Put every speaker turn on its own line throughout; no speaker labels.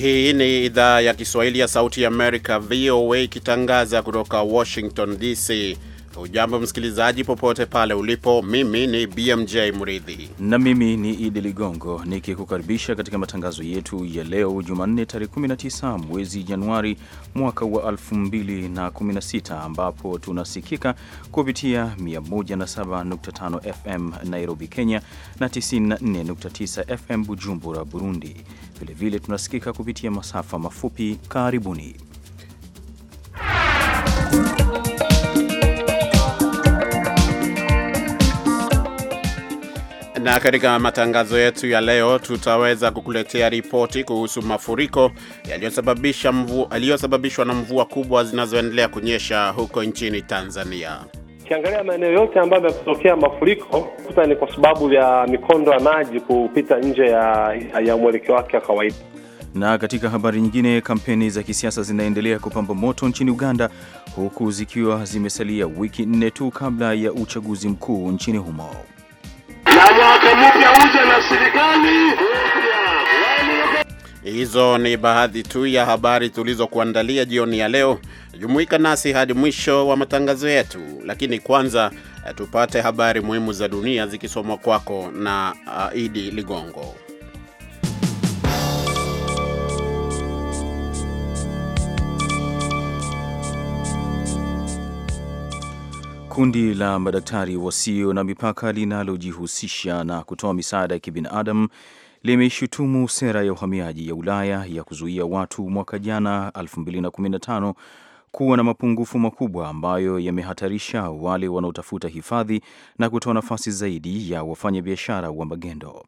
Hii ni idhaa ya Kiswahili ya Sauti Amerika, VOA, ikitangaza kutoka Washington DC. Ujambo msikilizaji, popote pale ulipo. Mimi ni BMJ Mridhi
na mimi ni Idi Ligongo nikikukaribisha katika matangazo yetu ya leo Jumanne tarehe 19 mwezi Januari mwaka wa 2016 ambapo tunasikika kupitia 107.5 FM Nairobi, Kenya na 94.9 FM Bujumbura, Burundi Vilevile tunasikika kupitia masafa mafupi. Karibuni.
Na katika matangazo yetu ya leo tutaweza kukuletea ripoti kuhusu mafuriko yaliyosababishwa na mvua kubwa zinazoendelea kunyesha huko nchini Tanzania.
Ukiangalia maeneo yote ambayo yametokea mafuriko kuta ni kwa sababu ya mikondo ya maji kupita nje ya, ya mwelekeo wake wa kawaida.
Na katika habari nyingine, kampeni za kisiasa zinaendelea kupamba moto nchini Uganda, huku zikiwa zimesalia wiki nne tu kabla ya uchaguzi mkuu
nchini humo
na mwaka mpya uje na serikali
Hizo ni baadhi tu ya habari tulizokuandalia jioni ya leo. Jumuika nasi hadi mwisho wa matangazo yetu, lakini kwanza eh, tupate habari muhimu za dunia zikisomwa kwako na uh, Idi Ligongo.
Kundi la madaktari wasio na mipaka linalojihusisha na kutoa misaada ya kibinadamu limeshutumu sera ya uhamiaji ya Ulaya ya kuzuia watu mwaka jana 2015 kuwa na mapungufu makubwa ambayo yamehatarisha wale wanaotafuta hifadhi na kutoa nafasi zaidi ya wafanyabiashara wa magendo.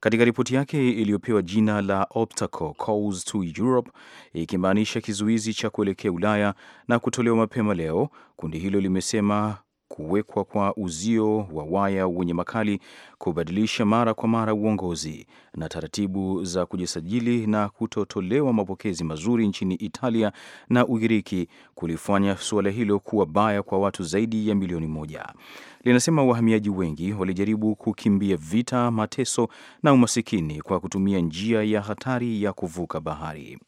Katika ripoti yake iliyopewa jina la Obstacle Course to Europe, ikimaanisha kizuizi cha kuelekea Ulaya na kutolewa mapema leo, kundi hilo limesema kuwekwa kwa uzio wa waya wenye makali, kubadilisha mara kwa mara uongozi na taratibu za kujisajili, na kutotolewa mapokezi mazuri nchini Italia na Ugiriki kulifanya suala hilo kuwa baya kwa watu zaidi ya milioni moja. Linasema wahamiaji wengi walijaribu kukimbia vita, mateso na umasikini kwa kutumia njia ya hatari ya kuvuka bahari.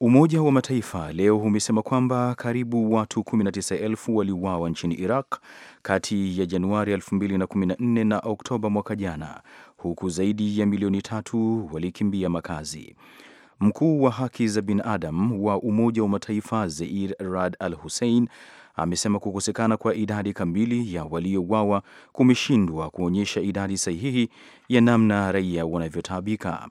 Umoja wa Mataifa leo umesema kwamba karibu watu 19,000 waliuawa nchini Iraq kati ya Januari 2014 na Oktoba mwaka jana, huku zaidi ya milioni tatu walikimbia makazi. Mkuu wa haki za binadamu wa Umoja wa Mataifa Zeir Rad Al Hussein amesema kukosekana kwa idadi kamili ya waliouawa kumeshindwa kuonyesha idadi sahihi ya namna raia wanavyotaabika.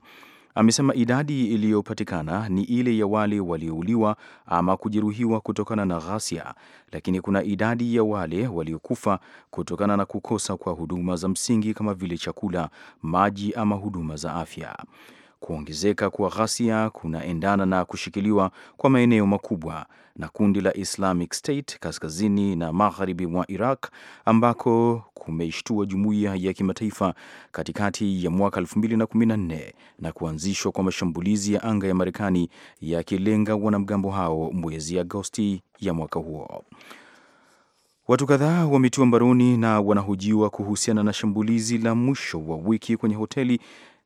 Amesema idadi iliyopatikana ni ile ya wale waliouliwa ama kujeruhiwa kutokana na ghasia, lakini kuna idadi ya wale waliokufa kutokana na kukosa kwa huduma za msingi kama vile chakula, maji ama huduma za afya. Kuongezeka kwa ghasia kunaendana na kushikiliwa kwa maeneo makubwa na kundi la Islamic State kaskazini na magharibi mwa Iraq ambako kumeishtua jumuiya ya kimataifa katikati ya mwaka 2014 na kuanzishwa kwa mashambulizi ya anga ya Marekani yakilenga wanamgambo hao mwezi Agosti ya mwaka huo. Watu kadhaa wametiwa mbaroni na wanahojiwa kuhusiana na shambulizi la mwisho wa wiki kwenye hoteli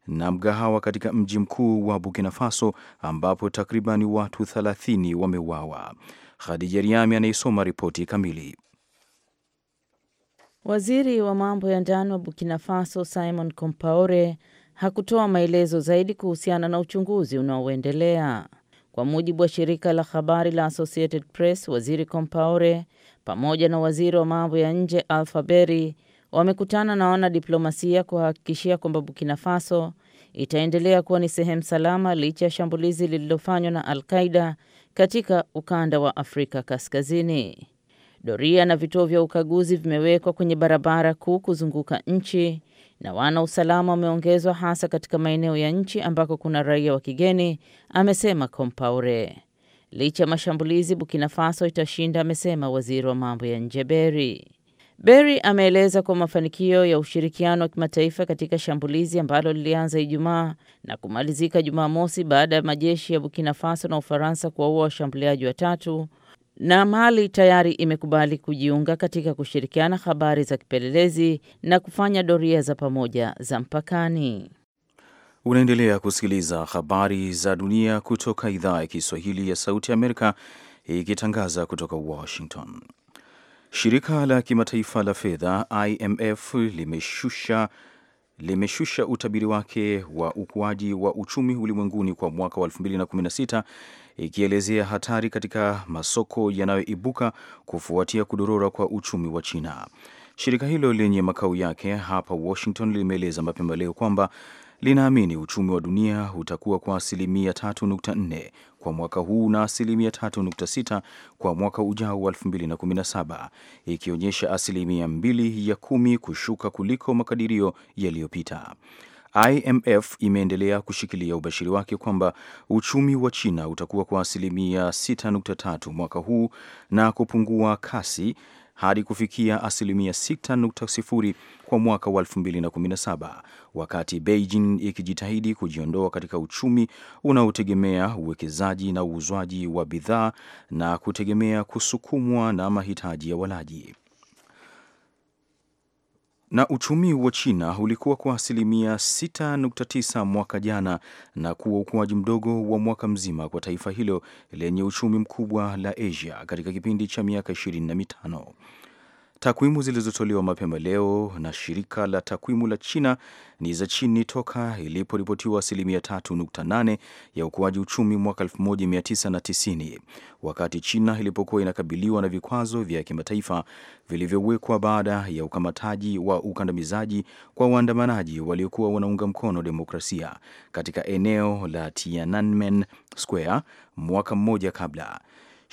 na mgahawa katika mji mkuu wa Burkina Faso ambapo takribani watu 30 wameuawa. Khadija Riami anaisoma ripoti kamili.
Waziri wa mambo ya ndani wa Burkina Faso Simon Compaore hakutoa maelezo zaidi kuhusiana na uchunguzi unaoendelea. Kwa mujibu wa shirika la habari la Associated Press, waziri Compaore pamoja na waziri wa mambo ya nje Alpha Berry wamekutana na wanadiplomasia kuhakikishia kwamba Burkina Faso itaendelea kuwa ni sehemu salama licha ya shambulizi lililofanywa na Al-Qaida katika ukanda wa Afrika Kaskazini. Doria na vituo vya ukaguzi vimewekwa kwenye barabara kuu kuzunguka nchi na wana usalama wameongezwa hasa katika maeneo ya nchi ambako kuna raia wa kigeni, amesema Compaore. Licha ya mashambulizi, Burkina Faso itashinda, amesema waziri wa mambo ya nje beri Berry ameeleza kuwa mafanikio ya ushirikiano wa kimataifa katika shambulizi ambalo lilianza Ijumaa na kumalizika Jumamosi baada ya majeshi ya Burkina Faso na Ufaransa kuwaua washambuliaji watatu na Mali tayari imekubali kujiunga katika kushirikiana habari za kipelelezi na kufanya doria za pamoja za mpakani.
Unaendelea kusikiliza habari za dunia kutoka idhaa ya Kiswahili ya Sauti ya Amerika ikitangaza kutoka Washington. Shirika la kimataifa la fedha IMF limeshusha limeshusha utabiri wake wa ukuaji wa uchumi ulimwenguni kwa mwaka wa 2016 ikielezea hatari katika masoko yanayoibuka kufuatia kudorora kwa uchumi wa China. Shirika hilo lenye makao yake hapa Washington limeeleza mapema leo kwamba linaamini uchumi wa dunia utakuwa kwa asilimia 3.4 kwa mwaka huu na asilimia 3.6 kwa mwaka ujao wa 2017, ikionyesha asilimia 2 ya kumi kushuka kuliko makadirio yaliyopita. IMF imeendelea kushikilia ubashiri wake kwamba uchumi wa China utakuwa kwa asilimia 6.3 mwaka huu na kupungua kasi hadi kufikia asilimia 6.0 kwa mwaka wa 2017 wakati Beijing ikijitahidi kujiondoa katika uchumi unaotegemea uwekezaji na uuzwaji wa bidhaa na kutegemea kusukumwa na mahitaji ya walaji na uchumi wa China ulikuwa kwa asilimia 6.9 mwaka jana na kuwa ukuaji mdogo wa mwaka mzima kwa taifa hilo lenye uchumi mkubwa la Asia katika kipindi cha miaka 25. Takwimu zilizotolewa mapema leo na shirika la takwimu la China ni za chini toka iliporipotiwa asilimia 3.8 ya ukuaji uchumi mwaka 1990 wakati China ilipokuwa inakabiliwa na vikwazo vya kimataifa vilivyowekwa baada ya ukamataji wa ukandamizaji kwa waandamanaji waliokuwa wanaunga mkono demokrasia katika eneo la Tiananmen Square mwaka mmoja kabla.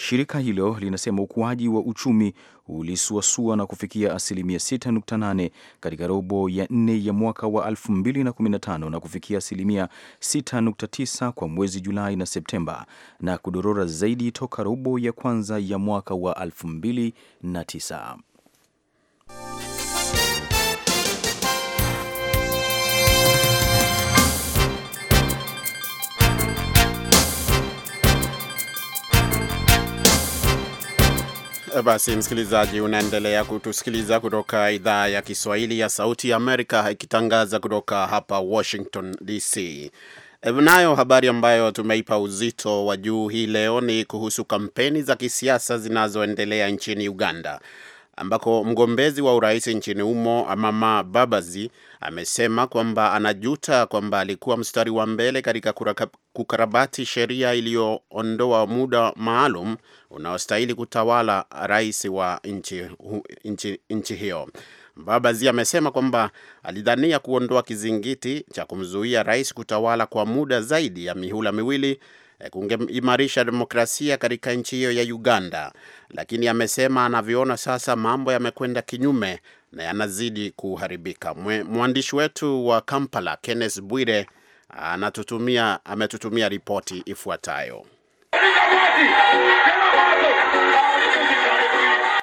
Shirika hilo linasema ukuaji wa uchumi ulisuasua na kufikia asilimia 6.8 katika robo ya nne ya mwaka wa 2015 na kufikia asilimia 6.9 kwa mwezi Julai na Septemba na kudorora zaidi toka robo ya kwanza ya mwaka wa 2009.
Eh, basi msikilizaji, unaendelea kutusikiliza kutoka idhaa ya Kiswahili ya Sauti ya Amerika ikitangaza kutoka hapa Washington DC. Eh, nayo habari ambayo tumeipa uzito wa juu hii leo ni kuhusu kampeni za kisiasa zinazoendelea nchini Uganda ambako mgombezi wa urais nchini humo Amama Babazi amesema kwamba anajuta kwamba alikuwa mstari wa mbele katika kukarabati sheria iliyoondoa muda maalum unaostahili kutawala rais wa nchi, nchi, nchi hiyo. Babazi amesema kwamba alidhania kuondoa kizingiti cha kumzuia rais kutawala kwa muda zaidi ya mihula miwili Eh, kungeimarisha demokrasia katika nchi hiyo ya Uganda, lakini amesema anavyoona sasa mambo yamekwenda kinyume na yanazidi kuharibika. Mwandishi wetu wa Kampala Kenneth Bwire anatutumia ametutumia ripoti ifuatayo.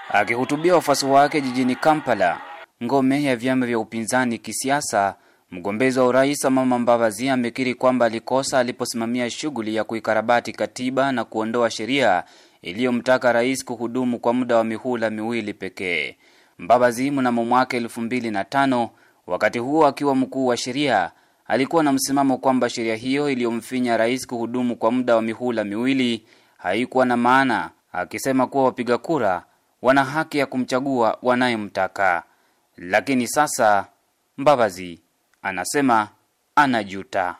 Akihutubia wafuasi wake jijini Kampala,
ngome ya vyama vya upinzani kisiasa Mgombezi wa urais Amama Mbabazi amekiri kwamba alikosa aliposimamia shughuli ya kuikarabati katiba na kuondoa sheria iliyomtaka rais kuhudumu kwa muda wa mihula miwili pekee. Mbabazi mnamo mwaka elfu mbili na tano, wakati huo akiwa mkuu wa sheria, alikuwa na msimamo kwamba sheria hiyo iliyomfinya rais kuhudumu kwa muda wa mihula miwili haikuwa na maana, akisema kuwa wapiga kura wana haki ya kumchagua wanayemtaka. Lakini sasa Mbabazi anasema anajuta.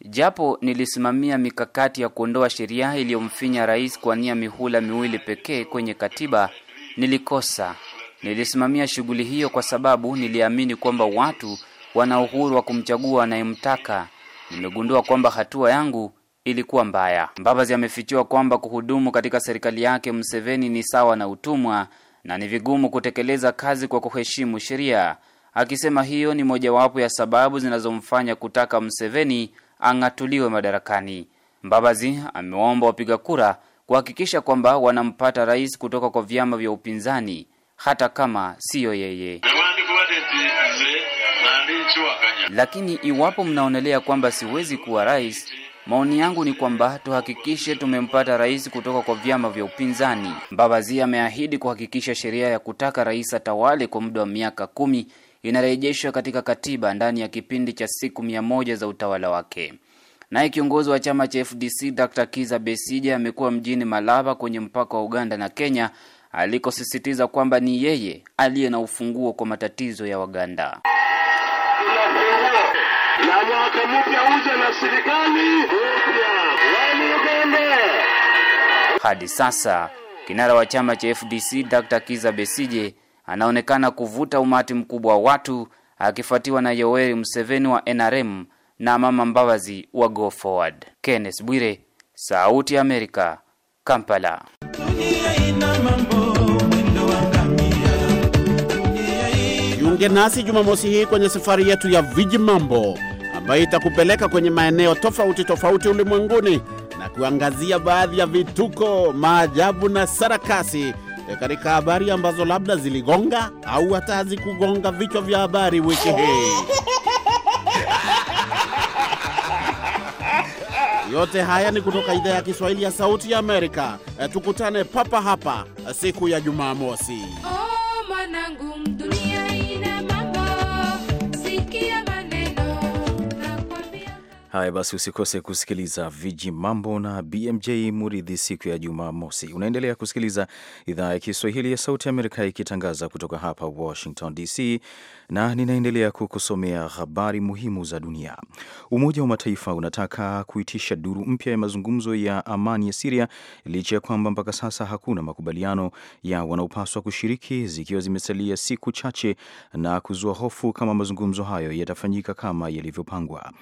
Japo nilisimamia mikakati ya kuondoa sheria iliyomfinya rais nia mihula miwili pekee kwenye katiba, nilikosa. Nilisimamia shughuli hiyo kwa sababu niliamini kwamba watu wana uhuru wa kumchagua anayemtaka. Nimegundua kwamba hatua yangu ilikuwa mbaya. Mbabazi amefichua kwamba kuhudumu katika serikali yake mseveni ni sawa na utumwa na ni vigumu kutekeleza kazi kwa kuheshimu sheria, akisema hiyo ni mojawapo ya sababu zinazomfanya kutaka Mseveni ang'atuliwe madarakani. Mbabazi amewaomba wapiga kura kuhakikisha kwamba wanampata rais kutoka kwa vyama vya upinzani hata kama siyo yeye. Lakini iwapo mnaonelea kwamba siwezi kuwa rais, Maoni yangu ni kwamba tuhakikishe tumempata rais kutoka kwa vyama vya upinzani. Mbabazi ameahidi kuhakikisha sheria ya kutaka rais atawale kwa muda wa miaka kumi inarejeshwa katika katiba ndani ya kipindi cha siku mia moja za utawala wake. Naye kiongozi wa chama cha FDC Dr. Kiza besija amekuwa mjini Malaba kwenye mpaka wa Uganda na Kenya alikosisitiza kwamba ni yeye aliye na ufunguo kwa matatizo ya Waganda mpya na serikali Hadi sasa kinara wa chama cha FDC Dr. Kiza Besije anaonekana kuvuta umati mkubwa wa watu akifuatiwa na Yoweri Museveni wa NRM na Mama Mbabazi wa Go Forward. Kenneth Bwire, Sauti ya Amerika, Kampala.
Jiunge nasi Jumamosi hii kwenye safari yetu ya vijimambo ambayo itakupeleka kwenye maeneo tofauti tofauti ulimwenguni na kuangazia baadhi ya vituko, maajabu na sarakasi e, katika habari ambazo labda ziligonga au hata hazikugonga vichwa vya habari wiki hii. Yote haya ni kutoka idhaa ya Kiswahili ya Sauti ya Amerika. E, tukutane papa hapa siku ya Jumamosi. Haya basi, usikose
kusikiliza Viji Mambo na BMJ Muridhi siku ya Jumamosi. Unaendelea kusikiliza idhaa ya Kiswahili ya Sauti Amerika ikitangaza kutoka hapa Washington DC, na ninaendelea kukusomea habari muhimu za dunia. Umoja wa Mataifa unataka kuitisha duru mpya ya mazungumzo ya amani ya Siria licha ya kwamba mpaka sasa hakuna makubaliano ya wanaopaswa kushiriki, zikiwa zimesalia siku chache na kuzua hofu kama mazungumzo hayo yatafanyika kama yalivyopangwa.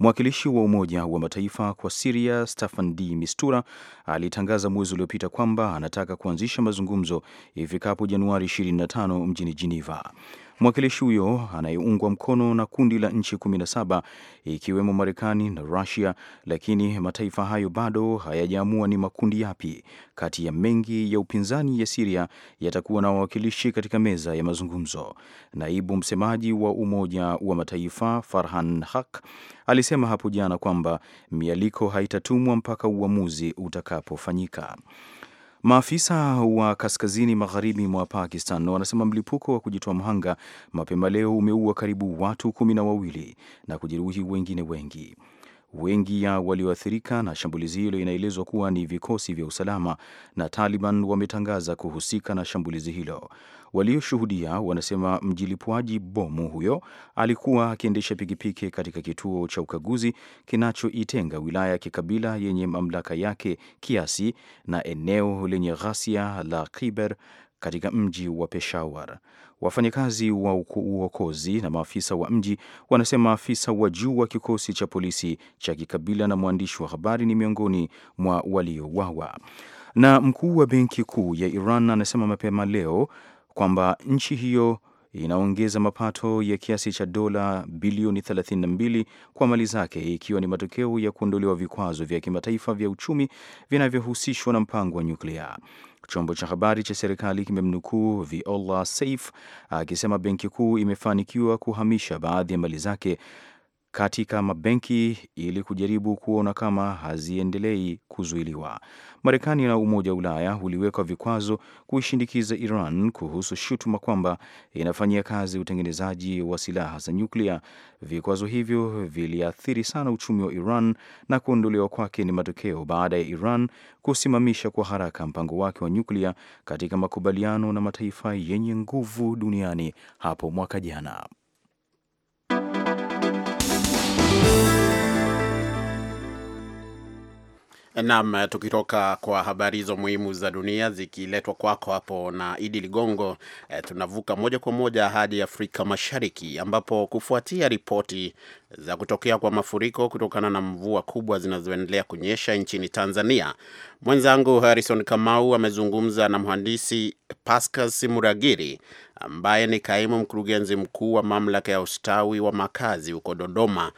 Mwakilishi wa Umoja wa Mataifa kwa Siria Staffan de Mistura alitangaza mwezi uliopita kwamba anataka kuanzisha mazungumzo ifikapo Januari 25 mjini Geneva. Mwakilishi huyo anayeungwa mkono na kundi la nchi 17 ikiwemo Marekani na Rusia, lakini mataifa hayo bado hayajaamua ni makundi yapi kati ya mengi ya upinzani ya Siria yatakuwa na wawakilishi katika meza ya mazungumzo. Naibu msemaji wa Umoja wa Mataifa Farhan Haq alisema hapo jana kwamba mialiko haitatumwa mpaka uamuzi utakapofanyika. Maafisa wa kaskazini magharibi mwa Pakistan wanasema mlipuko wa kujitoa mhanga mapema leo umeua karibu watu kumi na wawili na kujeruhi wengine wengi. Wengi ya walioathirika na shambulizi hilo inaelezwa kuwa ni vikosi vya usalama, na Taliban wametangaza kuhusika na shambulizi hilo. Walioshuhudia wanasema mjilipuaji bomu huyo alikuwa akiendesha pikipiki katika kituo cha ukaguzi kinachoitenga wilaya ya kikabila yenye mamlaka yake kiasi na eneo lenye ghasia la Khyber katika mji wa Peshawar. Wafanyakazi wa uokozi na maafisa wa mji wanasema afisa wa juu wa kikosi cha polisi cha kikabila na mwandishi wa habari ni miongoni mwa waliouawa. Na mkuu wa benki kuu ya Iran anasema mapema leo kwamba nchi hiyo inaongeza mapato ya kiasi cha dola bilioni 32 kwa mali zake ikiwa ni matokeo ya kuondolewa vikwazo vya kimataifa vya uchumi vinavyohusishwa na mpango wa nyuklia. Chombo cha habari cha serikali kimemnukuu Viola Saif akisema benki kuu imefanikiwa kuhamisha baadhi ya mali zake katika mabenki ili kujaribu kuona kama haziendelei kuzuiliwa. Marekani na Umoja wa Ulaya uliweka vikwazo kuishindikiza Iran kuhusu shutuma kwamba inafanyia kazi utengenezaji wa silaha za nyuklia. Vikwazo hivyo viliathiri sana uchumi wa Iran na kuondolewa kwake ni matokeo baada ya Iran kusimamisha kwa haraka mpango wake wa nyuklia katika makubaliano na mataifa yenye nguvu duniani hapo mwaka jana. Thank
you. Naam, tukitoka kwa habari hizo muhimu za dunia zikiletwa kwako hapo na Idi Ligongo, eh, tunavuka moja kwa moja hadi Afrika Mashariki ambapo kufuatia ripoti za kutokea kwa mafuriko kutokana na mvua kubwa zinazoendelea kunyesha nchini Tanzania, mwenzangu Harrison Kamau amezungumza na mhandisi Pascas Muragiri ambaye ni kaimu mkurugenzi mkuu wa mamlaka ya ustawi wa makazi huko Dodoma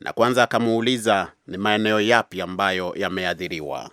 na kwanza akamuuliza ni maeneo yapi ambayo yameathiriwa.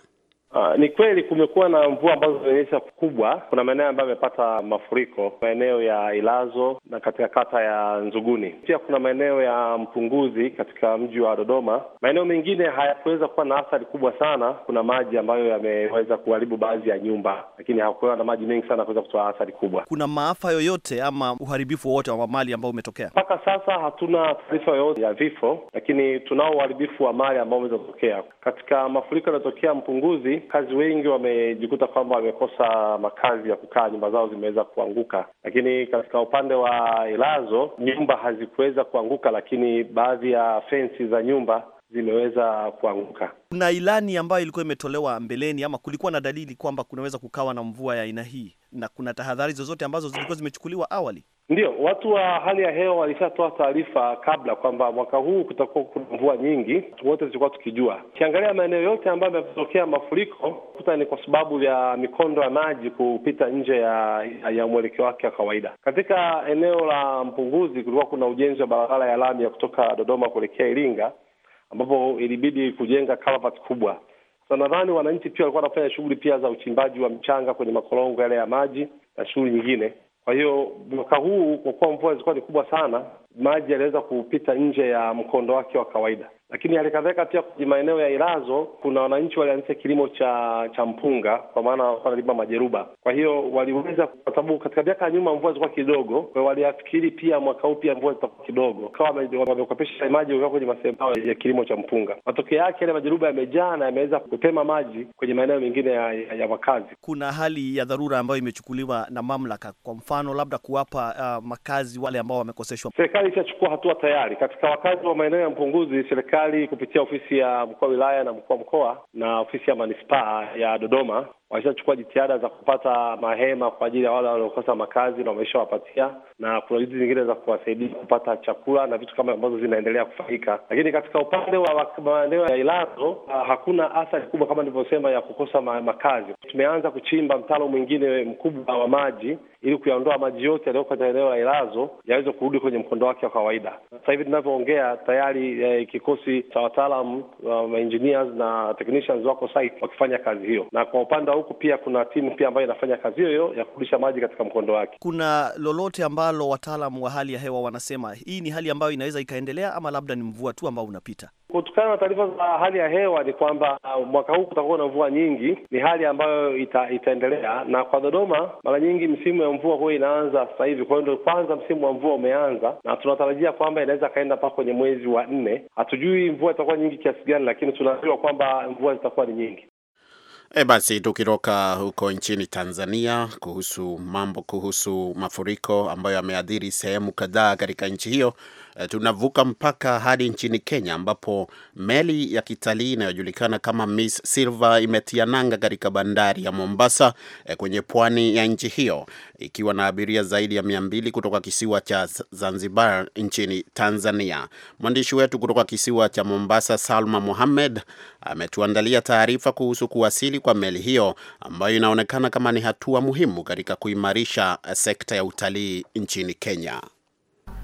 Uh, ni kweli kumekuwa na mvua ambazo zimenyesha kubwa. Kuna maeneo ambayo yamepata mafuriko, maeneo ya Ilazo na katika kata ya Nzuguni, pia kuna maeneo ya Mpunguzi katika mji wa Dodoma. Maeneo mengine hayakuweza kuwa na athari kubwa sana, kuna maji ambayo yameweza kuharibu baadhi ya nyumba, lakini hakuwa na maji mengi sana kuweza kutoa athari kubwa. Kuna maafa yoyote ama uharibifu wowote wa mali ambao umetokea? Mpaka sasa hatuna taarifa yoyote ya vifo, lakini tunao uharibifu wa mali ambao umeweza kutokea katika mafuriko yaliyotokea Mpunguzi wakazi wengi wamejikuta kwamba wamekosa makazi ya kukaa, nyumba zao zimeweza kuanguka. Lakini katika upande wa Ilazo nyumba hazikuweza kuanguka, lakini baadhi ya fensi za nyumba zimeweza kuanguka.
Kuna ilani ambayo ilikuwa imetolewa mbeleni, ama kulikuwa na dalili kwamba kunaweza kukawa na mvua ya aina hii, na kuna tahadhari zozote ambazo zilikuwa zimechukuliwa awali?
Ndio, watu wa hali ya hewa walishatoa taarifa kabla kwamba mwaka huu kutakuwa kuna mvua nyingi, wote tulikuwa tukijua. Ukiangalia maeneo yote ambayo yametokea mafuriko, kuta ni kwa sababu ya mikondo ya maji kupita nje ya ya mwelekeo wake wa kawaida. Katika eneo la Mpunguzi kulikuwa kuna ujenzi wa barabara ya lami ya kutoka Dodoma kuelekea Iringa, ambapo ilibidi kujenga culvert kubwa. Sasa nadhani wananchi pia walikuwa wanafanya shughuli pia za uchimbaji wa mchanga kwenye makorongo yale ya maji na shughuli nyingine kwa hiyo mwaka huu kwa kuwa mvua zilikuwa ni kubwa sana, maji yaliweza kupita nje ya mkondo wake wa kawaida. Lakini halikadhalika pia kwenye maeneo ya irazo kuna wananchi walianzisha kilimo cha cha mpunga, kwa maana wanalima majeruba. Kwa hiyo waliweza, kwa sababu katika miaka ya nyuma mvua zilikuwa kidogo, kwa waliafikiri pia mwaka huu pia mvua zitakuwa kidogo, kawa wamekopesha maji kutoka kwenye masehemu ya kilimo cha mpunga. Matokeo yake yale majeruba yamejaa na yameweza kutema maji kwenye maeneo mengine ya, ya, ya wakazi.
Kuna hali ya dharura ambayo imechukuliwa na mamlaka, kwa mfano labda kuwapa uh, makazi wale ambao wamekoseshwa.
Serikali ishachukua hatua tayari katika wakazi wa maeneo ya mpunguzi serikali serikali kupitia ofisi ya mkuu wa wilaya na mkuu wa mkoa na ofisi ya manispaa ya Dodoma wameshachukua jitihada za kupata mahema kwa ajili ya wale waliokosa makazi na wameshawapatia, na kuna juhudi zingine za kuwasaidia kupata chakula na vitu kama ambazo zinaendelea kufanyika. Lakini katika upande wa maeneo ya Ilazo ah, hakuna athari kubwa kama nilivyosema ya kukosa makazi. Tumeanza kuchimba mtaro mwingine mkubwa wa maji ili kuyaondoa maji yote yaliyoko katika eneo la Ilazo yaweze kurudi kwenye mkondo wake wa kawaida. Sasa hivi tunavyoongea tayari eh, kikosi cha wataalam uh, ah, engineers na technicians wako site wakifanya kazi hiyo, na kwa upande huku pia kuna timu pia ambayo inafanya kazi hiyo ya kurudisha maji katika mkondo wake.
Kuna lolote ambalo wataalamu wa hali ya hewa wanasema hii ni hali ambayo inaweza ikaendelea, ama labda ni mvua tu ambao unapita?
Kutokana na taarifa za hali ya hewa ni kwamba uh, mwaka huu kutakuwa na mvua nyingi. Ni hali ambayo ita, itaendelea na kwa Dodoma mara nyingi msimu wa mvua huwa inaanza sasa hivi, kwa hiyo ndio kwanza msimu wa mvua umeanza, na tunatarajia kwamba inaweza kaenda mpaka kwenye mwezi wa nne. Hatujui mvua itakuwa nyingi kiasi gani, lakini tunajua kwamba mvua zitakuwa ni nyingi.
E, basi tukiroka huko nchini Tanzania kuhusu mambo kuhusu mafuriko ambayo yameathiri sehemu kadhaa katika nchi hiyo Eh, tunavuka mpaka hadi nchini Kenya ambapo meli ya kitalii inayojulikana kama Miss Silver imetia nanga katika bandari ya Mombasa eh, kwenye pwani ya nchi hiyo ikiwa na abiria zaidi ya mia mbili kutoka kisiwa cha Zanzibar nchini Tanzania. Mwandishi wetu kutoka kisiwa cha Mombasa, Salma Mohamed, ametuandalia taarifa kuhusu kuwasili kwa meli hiyo ambayo inaonekana kama ni hatua muhimu katika kuimarisha eh, sekta ya utalii nchini Kenya.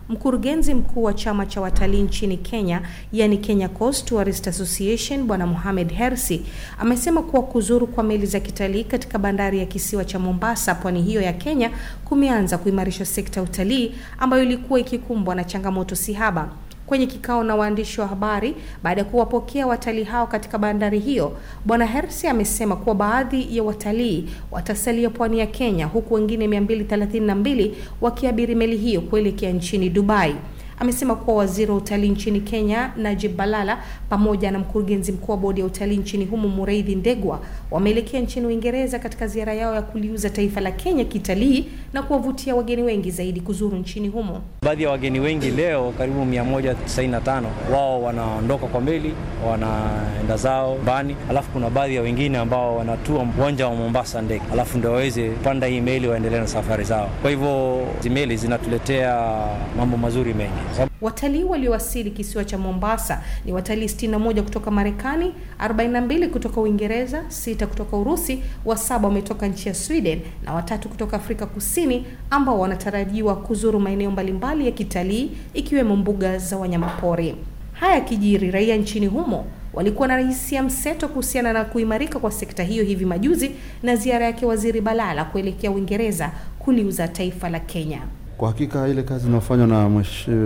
Mkurugenzi mkuu wa chama cha watalii nchini Kenya, yani Kenya Coast Tourist Association, Bwana Mohamed Hersi amesema kuwa kuzuru kwa meli za kitalii katika bandari ya kisiwa cha Mombasa, pwani hiyo ya Kenya, kumeanza kuimarisha sekta ya utalii ambayo ilikuwa ikikumbwa na changamoto sihaba. Kwenye kikao na waandishi wa habari baada ya kuwapokea watalii hao katika bandari hiyo, Bwana Hersi amesema kuwa baadhi ya watalii watasalia pwani ya Kenya, huku wengine 232 wakiabiri meli hiyo kuelekea nchini Dubai amesema kuwa waziri wa utalii nchini Kenya Najib Balala pamoja na mkurugenzi mkuu wa bodi ya utalii nchini humo Mureithi Ndegwa wameelekea nchini Uingereza katika ziara yao ya kuliuza taifa la Kenya kitalii na kuwavutia wageni wengi zaidi kuzuru nchini humo.
Baadhi ya wageni wengi leo karibu 195 wao wanaondoka kwa meli wanaenda zao bani, alafu kuna baadhi ya wengine ambao wanatua uwanja wa Mombasa ndege, alafu ndio waweze kupanda hii meli waendelee na safari zao. Kwa hivyo zimeli zinatuletea mambo mazuri mengi.
Watalii waliowasili kisiwa cha Mombasa ni watalii 61 kutoka Marekani, 42 kutoka Uingereza, sita kutoka Urusi, saba wametoka nchi ya Sweden na watatu kutoka Afrika Kusini, ambao wanatarajiwa kuzuru maeneo mbalimbali ya kitalii ikiwemo mbuga za wanyamapori. Haya kijiri raia nchini humo walikuwa na hisia mseto kuhusiana na kuimarika kwa sekta hiyo hivi majuzi na ziara yake Waziri Balala kuelekea Uingereza kuliuza taifa la Kenya.
Kwa hakika ile kazi inayofanywa na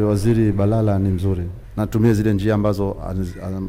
Waziri Balala ni mzuri, natumia zile njia ambazo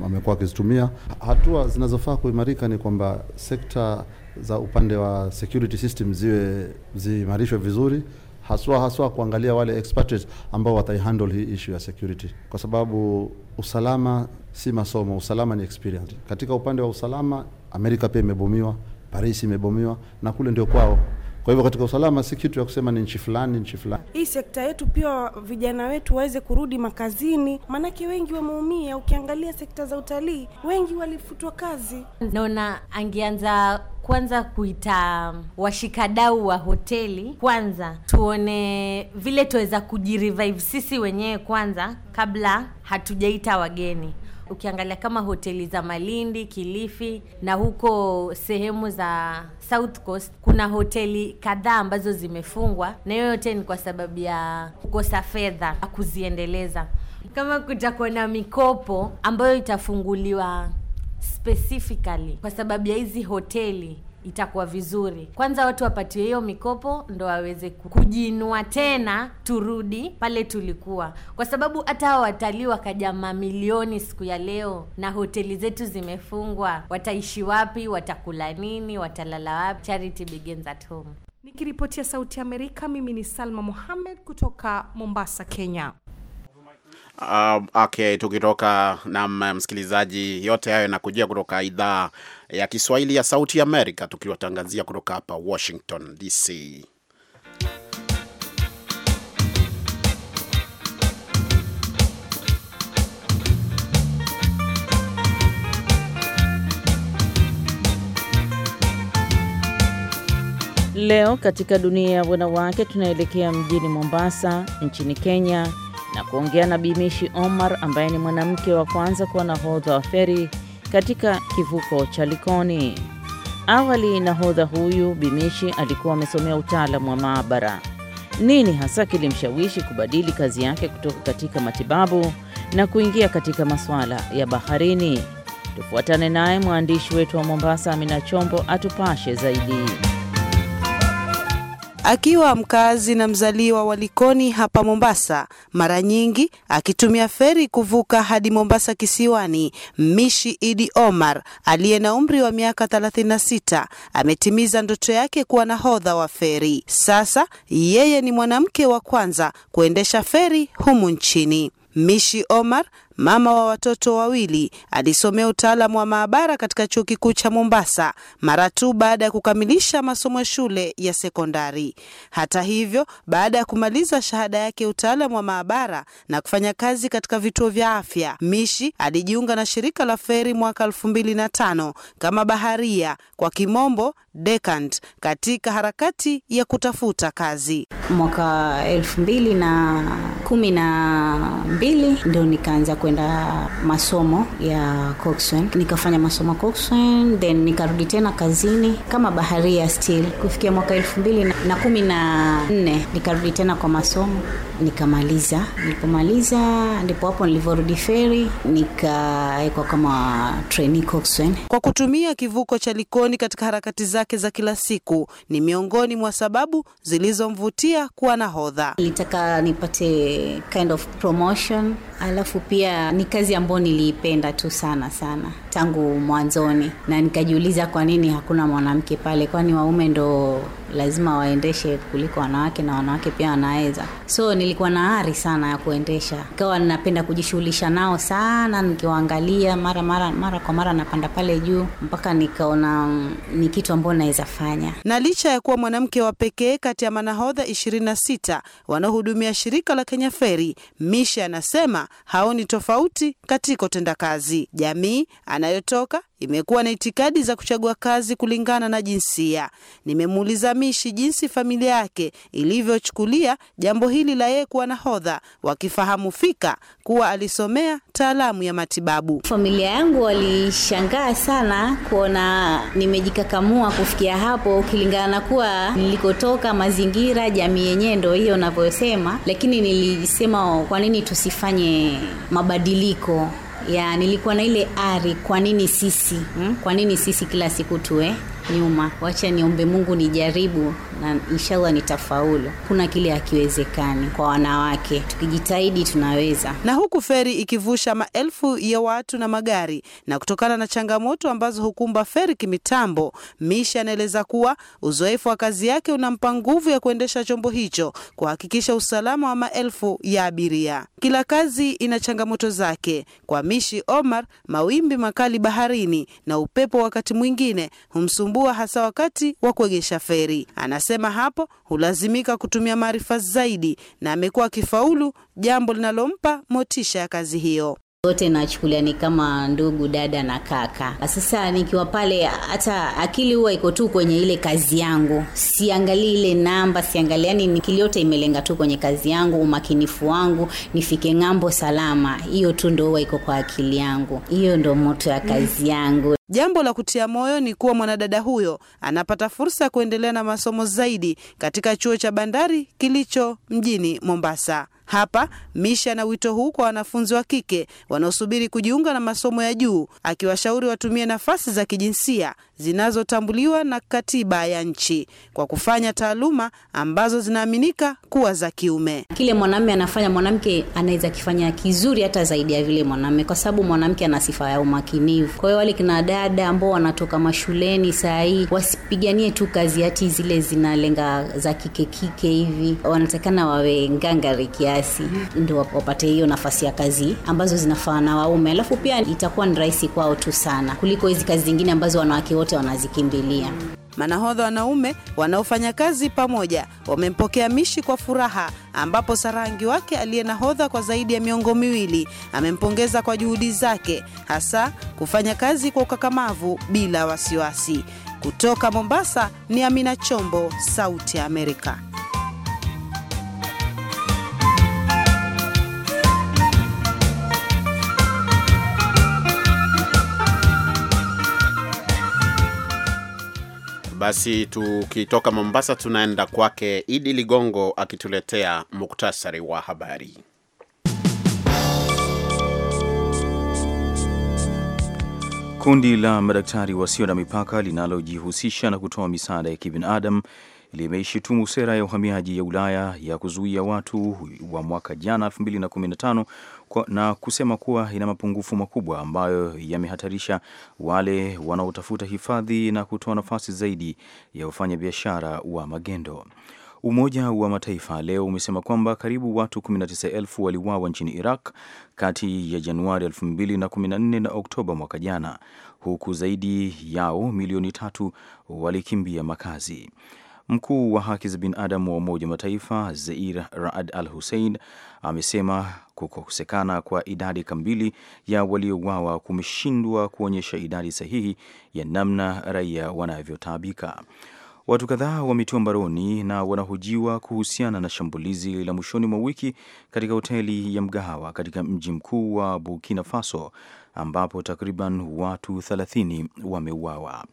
amekuwa akizitumia. Hatua zinazofaa kuimarika ni kwamba sekta za upande wa security system ziwe ziimarishwe vizuri, haswa haswa kuangalia wale expatriates ambao wataihandle hii issue ya security, kwa sababu usalama si masomo, usalama ni experience. Katika upande wa usalama, Amerika pia imebomiwa, Paris imebomiwa na kule ndio kwao. Kwa hivyo katika usalama si kitu ya kusema ni nchi fulani nchi fulani.
Hii sekta yetu pia vijana wetu waweze kurudi makazini, maanake wengi wameumia. Ukiangalia sekta za utalii, wengi walifutwa
kazi. Naona angeanza kwanza kuita washikadau wa hoteli kwanza, tuone vile tuweza kujirevive sisi wenyewe kwanza, kabla hatujaita wageni ukiangalia kama hoteli za Malindi, Kilifi na huko sehemu za South Coast, kuna hoteli kadhaa ambazo zimefungwa, na hiyo yote ni kwa sababu ya kukosa fedha kuziendeleza. Kama kutakuwa na mikopo ambayo itafunguliwa specifically kwa sababu ya hizi hoteli itakuwa vizuri. Kwanza watu wapatiwe hiyo mikopo ndo waweze kujiinua tena, turudi pale tulikuwa, kwa sababu hata hao watalii wakaja mamilioni siku ya leo na hoteli zetu zimefungwa, wataishi wapi? Watakula nini? Watalala wapi? Charity begins at home.
Nikiripotia Sauti ya Amerika, mimi ni Salma Mohamed kutoka Mombasa, Kenya.
Uh, ah, ake tukitoka na mm, msikilizaji, yote hayo yanakujia kutoka idhaa ya Kiswahili ya Sauti ya Amerika, tukiwatangazia kutoka hapa Washington DC.
Leo katika dunia ya wanawake tunaelekea mjini Mombasa nchini Kenya na kuongea na Bimishi Omar ambaye ni mwanamke wa kwanza kuwa nahodha wa feri katika kivuko cha Likoni. Awali nahodha huyu Bimishi alikuwa amesomea utaalamu wa maabara. Nini hasa kilimshawishi kubadili kazi yake kutoka katika matibabu na kuingia katika masuala ya baharini? Tufuatane naye mwandishi wetu wa Mombasa, Amina Chombo, atupashe zaidi. Akiwa mkazi na mzaliwa wa Likoni hapa Mombasa, mara
nyingi akitumia feri kuvuka hadi Mombasa kisiwani, Mishi Idi Omar aliye na umri wa miaka 36 ametimiza ndoto yake kuwa nahodha wa feri. Sasa yeye ni mwanamke wa kwanza kuendesha feri humu nchini. Mishi Omar mama wa watoto wawili, alisomea utaalamu wa maabara katika chuo kikuu cha Mombasa mara tu baada ya kukamilisha masomo ya shule ya sekondari. Hata hivyo, baada ya kumaliza shahada yake ya utaalamu wa maabara na kufanya kazi katika vituo vya afya, Mishi alijiunga na shirika la feri mwaka elfu mbili na tano kama baharia kwa kimombo Decant katika harakati
ya kutafuta kazi. Mwaka elfu mbili na kumi na mbili ndio nikaanza kwenda masomo ya coxswain, nikafanya masomo coxswain, then nikarudi tena kazini kama baharia still. Kufikia mwaka elfu mbili na kumi na nne nikarudi tena kwa masomo nikamaliza. Nilipomaliza ndipo hapo nilivyorudi feri nikawekwa kama trainee coxswain. Kwa
kutumia kivuko cha Likoni katika harakati zake zake za kila siku
ni miongoni mwa sababu zilizomvutia kuwa nahodha. Nilitaka nipate kind of promotion, alafu pia ni kazi ambayo niliipenda tu sana sana tangu mwanzoni, na nikajiuliza kwa nini hakuna mwanamke pale, kwani waume ndo lazima waendeshe kuliko wanawake na wanawake pia wanaweza so nilikuwa na ari sana ya kuendesha ikawa ninapenda kujishughulisha nao sana nikiwaangalia mara mara mara kwa mara napanda pale juu mpaka nikaona mm, ni kitu ambayo naweza fanya na licha ya kuwa mwanamke
wa pekee kati ya manahodha ishirini na sita wanaohudumia shirika la kenya feri misha anasema haoni tofauti katika utendakazi jamii anayotoka Imekuwa na itikadi za kuchagua kazi kulingana na jinsia. Nimemuuliza Mishi jinsi familia yake ilivyochukulia jambo hili la yeye kuwa nahodha, wakifahamu
fika kuwa alisomea taalamu ya matibabu. Familia yangu walishangaa sana kuona nimejikakamua kufikia hapo, ukilingana na kuwa nilikotoka, mazingira, jamii yenyewe ndo hiyo unavyosema, lakini nilisema kwa nini tusifanye mabadiliko ya nilikuwa na ile ari, kwa nini sisi hmm? kwa nini sisi kila siku tuwe nyuma, wacha niombe Mungu nijaribu na inshallah nitafaulu. Kuna kile hakiwezekani kwa wanawake, tukijitahidi tunaweza. Na huku feri ikivusha maelfu ya watu na magari, na kutokana na changamoto
ambazo hukumba feri kimitambo, Misha anaeleza kuwa uzoefu wa kazi yake unampa nguvu ya kuendesha chombo hicho, kuhakikisha usalama wa maelfu ya abiria. Kila kazi ina changamoto zake. Kwa Mishi Omar, mawimbi makali baharini na upepo wakati mwingine humsumbua kutambua hasa wakati wa kuegesha feri. Anasema hapo hulazimika kutumia maarifa zaidi na amekuwa akifaulu, jambo linalompa
motisha ya kazi hiyo wote nachukulia ni kama ndugu, dada na kaka. Sasa nikiwa pale, hata akili huwa iko tu kwenye ile kazi yangu, siangalii ile namba, siangalia yani, akili yote imelenga tu kwenye kazi yangu, umakinifu wangu, nifike ng'ambo salama. Hiyo tu ndo huwa iko kwa akili yangu, hiyo ndo moto ya kazi yangu. Jambo la kutia moyo ni kuwa mwanadada huyo anapata fursa ya kuendelea na masomo zaidi
katika chuo cha bandari kilicho mjini Mombasa. Hapa Misha na wito huu kwa wanafunzi wa kike wanaosubiri kujiunga na masomo ya juu, akiwashauri watumie nafasi za kijinsia zinazotambuliwa na katiba ya nchi kwa kufanya taaluma ambazo zinaaminika kuwa za kiume.
Kile mwanamume anafanya, mwanamke anaweza kifanya kizuri hata zaidi ya vile mwanamume, kwa sababu mwanamke ana sifa ya umakinivu. Kwa hiyo wale kina dada ambao wanatoka mashuleni saa hii wasipiganie tu kazi hati zile zinalenga za kike kike hivi, wanatakana wawe ngangari kiasi, mhm. ndio wapate hiyo nafasi ya kazi ambazo zinafaa na waume, alafu pia itakuwa ni rahisi kwao tu sana kuliko hizi kazi zingine ambazo wanawake wote wote wanazikimbilia. Manahodha wanaume wanaofanya kazi
pamoja wamempokea Mishi kwa furaha, ambapo Sarangi wake aliye nahodha kwa zaidi ya miongo miwili amempongeza kwa juhudi zake, hasa kufanya kazi kwa ukakamavu bila wasiwasi. Kutoka Mombasa ni Amina Chombo, Sauti ya Amerika.
Basi tukitoka Mombasa tunaenda kwake Idi Ligongo akituletea muktasari wa habari.
Kundi la madaktari wasio na mipaka linalojihusisha na kutoa misaada ya kibinadamu limeishitumu sera ya uhamiaji ya Ulaya ya kuzuia watu wa mwaka jana 2015 na kusema kuwa ina mapungufu makubwa ambayo yamehatarisha wale wanaotafuta hifadhi na kutoa nafasi zaidi ya wafanyabiashara wa magendo. Umoja wa Mataifa leo umesema kwamba karibu watu 19,000 waliuawa nchini Iraq kati ya Januari 2014 na Oktoba mwaka jana, huku zaidi yao milioni tatu walikimbia makazi. Mkuu wa haki za binadamu wa Umoja wa Mataifa Zeir Raad Al Hussein amesema kukosekana kwa idadi kamili ya waliouawa kumeshindwa kuonyesha idadi sahihi ya namna raia wanavyotaabika. Watu kadhaa wametiwa mbaroni na wanahojiwa kuhusiana na shambulizi la mwishoni mwa wiki katika hoteli ya mgahawa katika mji mkuu wa Burkina Faso ambapo takriban watu 30 wameuawa.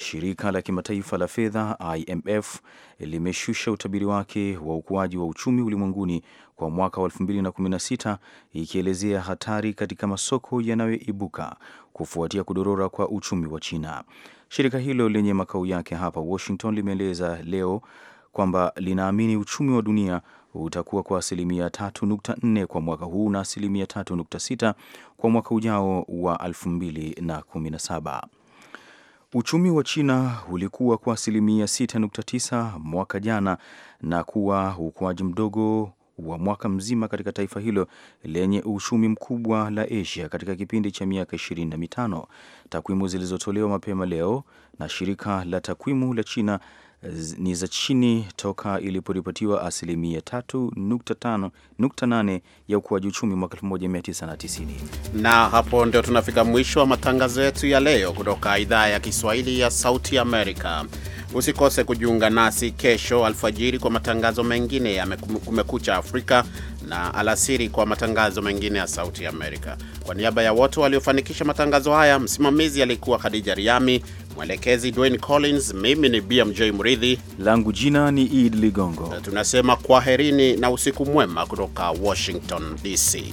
Shirika la kimataifa la fedha IMF limeshusha utabiri wake wa ukuaji wa uchumi ulimwenguni kwa mwaka wa 2016 ikielezea hatari katika masoko yanayoibuka kufuatia kudorora kwa uchumi wa China. Shirika hilo lenye makao yake hapa Washington limeeleza leo kwamba linaamini uchumi wa dunia utakuwa kwa asilimia 3.4 kwa mwaka huu na asilimia 3.6 kwa mwaka ujao wa 2017. Uchumi wa China ulikuwa kwa asilimia 6.9 mwaka jana na kuwa ukuaji mdogo wa mwaka mzima katika taifa hilo lenye uchumi mkubwa la Asia katika kipindi cha miaka 25. Takwimu zilizotolewa mapema leo na shirika la takwimu la China ni za chini toka iliporipotiwa asilimia 3.8 ya ukuaji uchumi mwaka 1990.
Na hapo ndio tunafika mwisho wa matangazo yetu ya leo kutoka idhaa ya Kiswahili ya Sauti Amerika. Usikose kujiunga nasi kesho alfajiri kwa matangazo mengine ya Kumekucha Afrika na alasiri kwa matangazo mengine ya Sauti Amerika. Kwa niaba ya wote waliofanikisha matangazo haya, msimamizi alikuwa Khadija Riami, Mwelekezi Dwayne Collins, mimi ni BMJ Mridhi, langu jina ni ed Ligongo. Tunasema kwaherini na usiku mwema kutoka Washington DC.